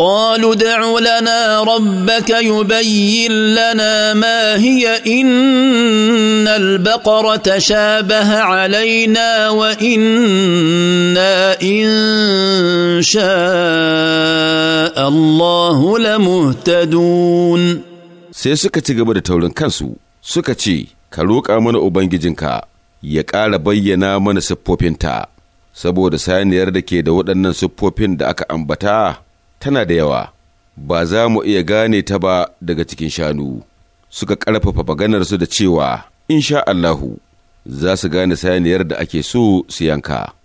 قالوا ادع لنا ربك يبين لنا ما هي ان البقره تشابه علينا وانا ان شاء الله لمهتدون sai suka ci gaba da taurin kansu suka ce ka roƙa mana ubangijinka ya ƙara bayyana mana siffofinta saboda saniyar da ke da waɗannan siffofin da aka ambata tana da yawa ba za mu iya gane ta ba daga cikin shanu suka ƙarfafa su da cewa insha Allahu za su gane saniyar da ake so su yanka.